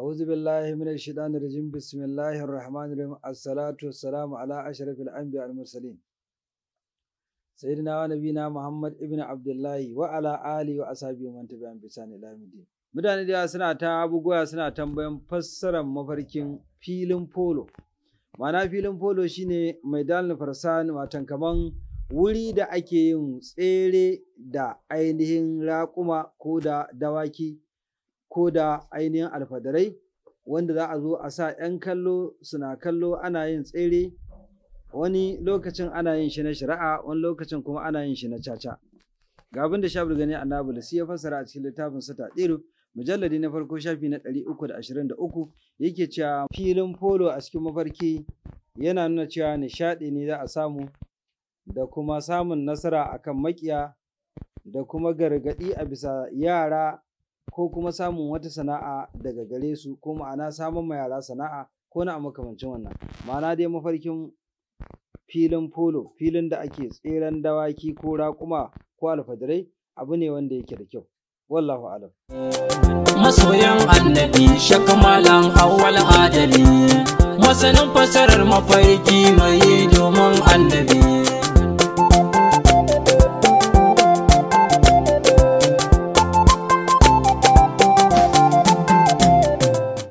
أعوذ بالله من الشيطان الرجيم بسم الله الرحمن الرحيم الصلاة والسلام على أشرف الأنبياء المرسلين سيدنا ونبينا محمد ابن عبد الله وعلى آله وأصحابه من تبعهم بإحسان إلى يوم الدين mutane da suna ta abubuwa suna tambayan fassarar mafarkin filin polo ma'ana filin polo shine mai dalin farsan watan kaman wuri da ake yin tsere da ainihin raƙuma ko da dawaki ko da ainihin alfadarai wanda za a zo a sa 'yan kallo suna kallo ana yin tsere wani lokacin ana yin shi na shari'a wani lokacin kuma ana yin shi na caca ga abin da shabir gani annabi da ya fassara a cikin littafin sa tadiru mujalladi na farko shafi na 323 yake cewa filin polo a cikin mafarki yana nuna cewa nishaɗi ne za a samu da kuma samun nasara a kan makiya da kuma gargaɗi a bisa yara ko kuma samun wata sana'a daga gare su ko ma'ana samun ma yara sana'a ko na a makamancin wannan ma'ana dai mafarkin filin polo filin da ake tseren dawaki ko raƙuma ko alfadarai abu ne wanda yake da kyau wallahu alam masoyan annabi shakamalan awwal adali masanin fasarar mafarki mai